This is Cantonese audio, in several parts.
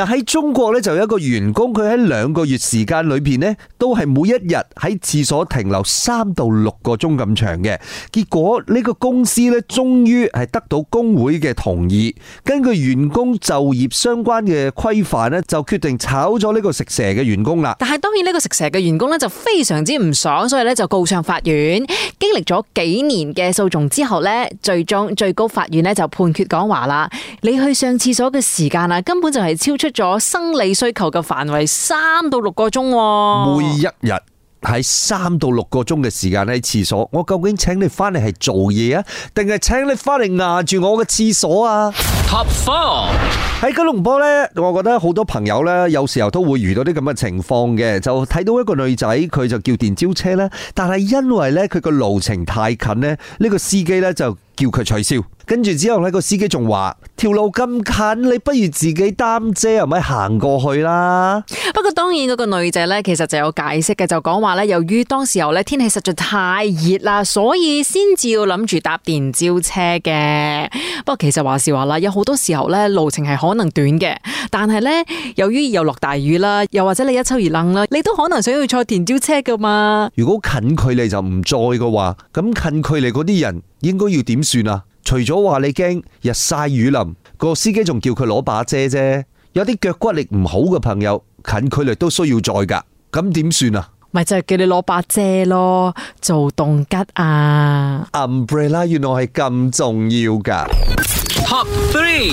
但喺中國咧就有一個員工，佢喺兩個月時間裏邊咧，都係每一日喺廁所停留三到六個鐘咁長嘅。結果呢個公司咧，終於係得到工會嘅同意，根據員工就業相關嘅規範咧，就決定炒咗呢個食蛇嘅員工啦。但係當然呢個食蛇嘅員工咧就非常之唔爽，所以咧就告上法院。經歷咗幾年嘅訴訟之後咧，最終最高法院咧就判決講話啦，你去上廁所嘅時間啊，根本就係超出。出咗生理需求嘅範圍，三到六個鐘，每一日喺三到六個鐘嘅時間喺廁所，我究竟請你翻嚟係做嘢啊，定係請你翻嚟牙住我嘅廁所啊？喺吉隆坡呢，我覺得好多朋友呢，有時候都會遇到啲咁嘅情況嘅，就睇到一個女仔，佢就叫電召車咧，但係因為呢，佢個路程太近呢，呢個司機呢，就叫佢取消，跟住之後呢，個司機仲話條路咁近，你不如自己擔遮啊咪行過去啦。不過當然嗰個女仔呢，其實就有解釋嘅，就講話呢：「由於當時候呢，天氣實在太熱啦，所以先至要諗住搭電召車嘅。不過其實話時話啦，有。好多時候咧，路程係可能短嘅，但係咧，由於又落大雨啦，又或者你一抽二掕啦，你都可能想要坐電召車噶嘛。如果近距離就唔載嘅話，咁近距離嗰啲人應該要點算啊？除咗話你驚日曬雨淋，個司機仲叫佢攞把遮啫。有啲腳骨力唔好嘅朋友，近距離都需要載噶，咁點算啊？咪就係、是、叫你攞把遮咯，做凍吉啊！Umbrella 原來係咁重要噶。Top three，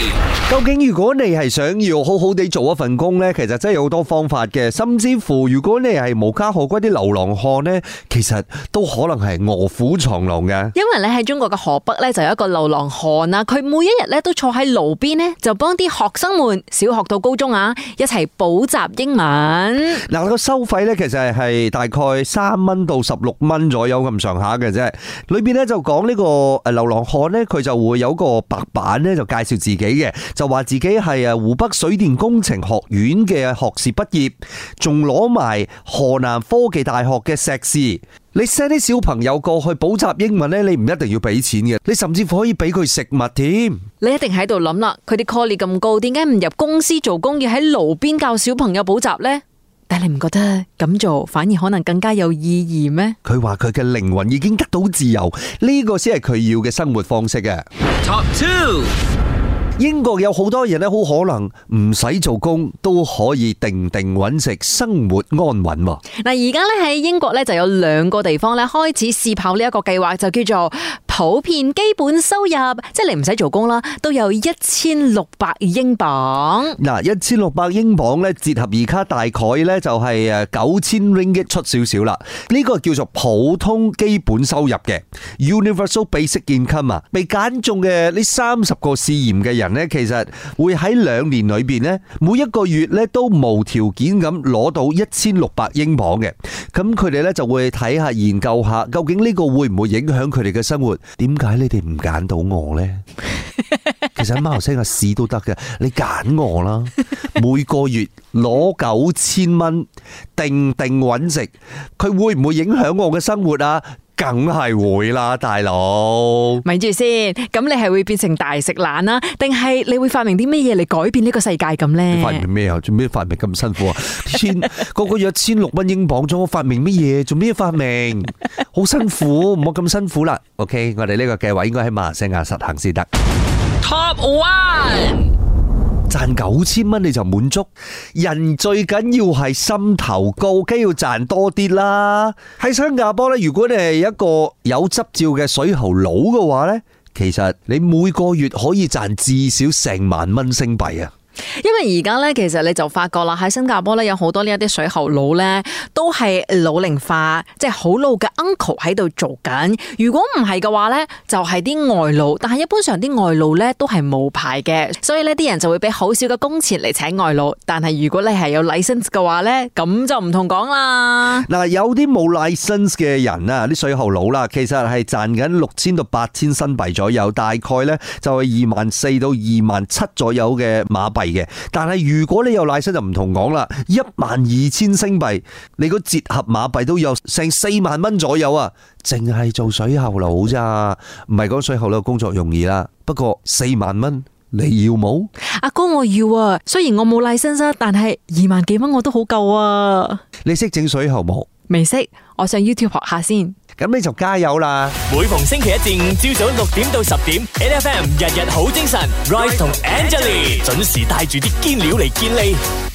究竟如果你係想要好好地做一份工呢？其實真係有好多方法嘅，甚至乎如果你係無家可歸啲流浪漢呢，其實都可能係臥虎藏龍嘅。因為咧喺中國嘅河北呢，就有一個流浪漢啊，佢每一日咧都坐喺路邊呢，就幫啲學生們小學到高中啊一齊補習英文。嗱、那個收費呢，其實係係。大概三蚊到十六蚊左右咁上下嘅啫，裏邊咧就講呢個誒流浪漢呢，佢就會有個白板呢，就介紹自己嘅，就話自己係誒湖北水電工程學院嘅學士畢業，仲攞埋河南科技大學嘅碩士。你 send 啲小朋友過去補習英文呢，你唔一定要俾錢嘅，你甚至乎可以俾佢食物添。你一定喺度諗啦，佢啲概念咁高，點解唔入公司做工，要喺路邊教小朋友補習呢？但你唔覺得咁做反而可能更加有意義咩？佢話佢嘅靈魂已經得到自由，呢個先係佢要嘅生活方式嘅。Top two，英國有好多人，咧，好可能唔使做工都可以定定揾食，生活安穩。嗱，而家咧喺英國咧就有兩個地方咧開始試跑呢一個計劃，就叫做，普遍基本收入，即係你唔使做工啦，都有一千六百英鎊。嗱，一千六百英鎊咧，折合而家大概咧就係誒九千 ringgit 出少少啦。呢個叫做普通基本收入嘅 universal basic income 啊。被揀中嘅呢三十個試驗嘅人呢，其實會喺兩年裏邊呢，每一個月呢都無條件咁攞到一千六百英鎊嘅。咁佢哋咧就會睇下研究下，究竟呢個會唔會影響佢哋嘅生活？點解你哋唔揀到我呢？ 其實喺貓頭鷹嘅市都得嘅，你揀我啦。每個月攞九千蚊，定定揾食，佢會唔會影響我嘅生活啊？梗係會啦，大佬。咪住先，咁你係會變成大食懶啦，定係你會發明啲咩嘢嚟改變呢個世界咁咧？你發明咩啊？做咩發明咁辛苦啊？天！ 個個月千六蚊英鎊，咗我發明乜嘢？做咩發明？好 辛苦，唔好咁辛苦啦。OK，我哋呢個計劃應該喺馬來西亞實行先得。Top one。賺九千蚊你就滿足，人最緊要係心頭高，梗係要賺多啲啦。喺新加坡咧，如果你係一個有執照嘅水喉佬嘅話呢，其實你每個月可以賺至少成萬蚊星幣啊！因為而家咧，其實你就發覺啦，喺新加坡咧，有好多呢一啲水喉佬咧，都係老齡化，即係好老嘅 uncle 喺度做緊。如果唔係嘅話咧，就係啲外勞。但係一般上啲外勞咧都係冇牌嘅，所以呢啲人就會俾好少嘅工錢嚟請外勞。但係如果你係有 license 嘅話咧，咁就唔同講啦。嗱，有啲冇 license 嘅人啊，啲水喉佬啦，其實係賺緊六千到八千新幣左右，大概咧就係二萬四到二萬七左右嘅馬幣。但係如果你有賴身就唔同講啦，一萬二千星幣，你個折合馬幣都有成四萬蚊左右啊，淨係做水喉佬咋，唔係講水喉佬工作容易啦，不過四萬蚊你要冇？阿哥我要啊，雖然我冇賴身啫，但係二萬幾蚊我都好夠啊。你識整水喉冇？未識，我上 YouTube 學下先。咁你就加油啦！每逢星期一至五朝早六點到十點，N F M 日日好精神，Rise 同 Angelie 準時帶住啲堅料嚟見你。